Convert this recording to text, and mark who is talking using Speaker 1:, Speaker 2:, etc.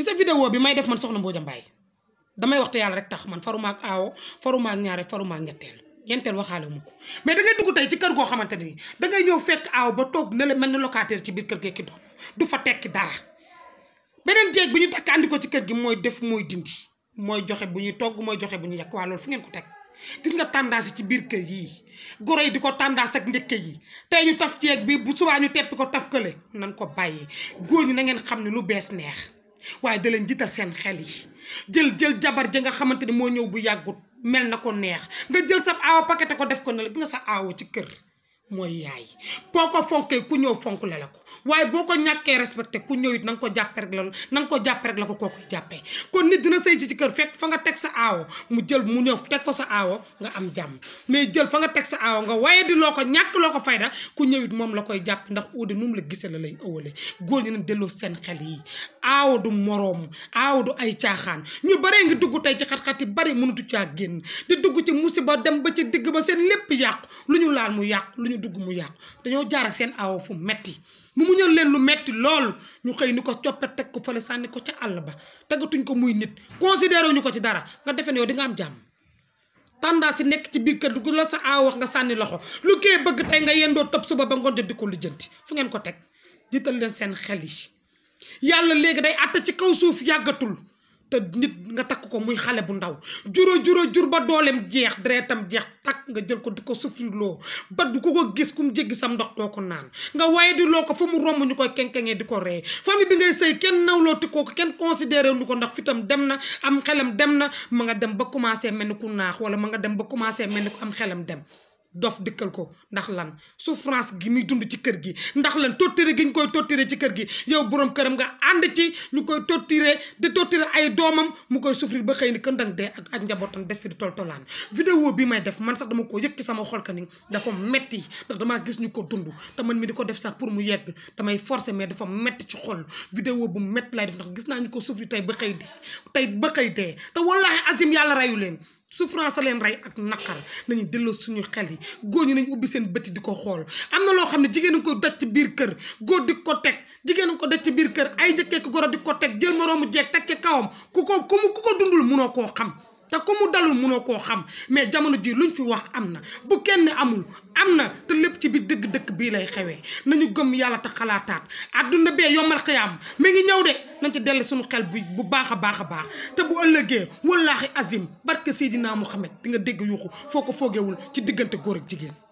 Speaker 1: gis nga vidéo bi may def man soxna Mbodia Mbaye damay wax te yàlla rek tax man faruma ak aawo faruma ak ñaare faruma ak ñetteel ñeenteel waxaale wu ma ko mais da ngay dugg tey ci kër goo xamante ni dangay ñëw fekk aaw ba toog na la mel ni locataire ci biir kër gi ki doom du fa tekki dara beneen jeeg bi ñu takk andi ko ci kër gi mooy def mooy dindi mooy joxe bu ñuy togg mooy joxe bu ñu yàq waa loolu fu ngeen ko teg gis nga tendance ci biir kër yi goro yi di ko tendance ak njëkk yi tey ñu taf jeeg bi bu subaa ñu tepp ko taf nan ko bàyyi góor ñi na ngeen xam ne lu bees neex waaye da leen seen xel yi jël jël jabar ja nga xamante ni moo ñëw bu yàggut mel na ko neex nga jël sa aawa pakete ko def ko ne la nga sa aawa ci kër mooy yaay boo ko fonkee ku ñëw fonk la la ko waaye boo ko ñàkkee respecté ku ñëw it na nga ko jàppe rek la na nga ko rek la ko koo koy jàppee kon nit dina sëy ci kër fekk fa nga teg sa aawo mu jël mu ñëw teg fa sa aawo nga am jàmm mais jël fa nga teg sa aawo nga waaye di loo ko ñàkk loo ko fayda ku ñëwit moom la koy jàpp ndax uude nu mu la gisee la lay ëwale góor ñi ne delloo seen xel yi aawo du moroom aawo du ay caaxaan ñu baree ngi dugg tey ci xat-xat yi bari mënutu caa génn di dugg ci musiba dem ba ci ba seen lépp yàqu lu mu yàqu dugg mu yàqu dañoo jaar ak seen awo fu metti mu mu ñëw leen lu metti lool ñu xëy ni ko coppe teg ko fële sànni ko ca àll ba tegatuñ ko muy nit considéré ñu ko ci dara nga defe ne yow di nga am jàmm tendance yi nekk ci biir kër gu la sa aaw wax nga sànni loxo lu koy bëgg tey nga yendoo topp suba ba ngoon di ko lijjanti fu ngeen ko teg jital leen seen xel yi yàlla léegi day àtte ci kaw suuf yàggatul te nit nga takk ko muy xale bu ndaw juróo juróo jur ba dooleem jeex deretam jeex takk nga jël ko di ko sufriloo ba du ko ko gis ku mu jéggi sam ndox doo ko naan nga waaye di loo ko fu mu romb ñu koy kenkeŋee di ko ree famille bi ngay sëy kenn nawlooti ko kenn considéré nu ko ndax fitam dem na am xelam dem na ma nga dem ba commencé mel ni ku naax wala ma nga dem ba commencé mel ni ku am xelam dem dof dëkkal ko ndax lan souffrance gi muy dund ci kër gi ndax lan torturé gi ñu koy torturé ci kër gi yow borom këram nga ànd ci ñu koy torturé di torturé ay doomam mu koy souffrir ba xëy ni kën dang dee ak ak njabootam des di toltolaan vidéo bi may def man sax dama ko yëg ci sama xol ka ni dafa metti ndax damaa gis ñu ko dund te man mi di ko def sax pour mu yegg damay forcer mais dafa metti ci xol vidéo bu metti lay def ndax gis naa ñu ko souffrir tey ba xëy dee tey ba xëy te wallaahi azim yàlla rayu leen souffrance a leen rey ak naqar nañu delloo suñu xel yi góor ñi nañu ubbi seen bëti di ko xool am na loo xam ne jigéenu a ko daj ci biir kër góor di ko teg jigéenu a ko daj ci biir kër ay njëkkee ko goro di ko teg jël moroomu jeeg teg ci kawam ku ko ku mu ku ko dundul munoo koo xam te ku mu dalul munoo koo xam mais jamono ji ñu fi wax am na bu kenn amul am na te lépp ci biir dëgg dëkk bii lay xewee nañu gëm yàlla te xalaataat àdduna bee yombal xiyaam mi ngi ñëw de nañ ci dell suñu xel bi bu baax a baax a baax te bu ëllëgee wallaahi azim barke Seydina Muhammad di nga dégg yuuxu foo ko foogewul ci diggante góor ak jigéen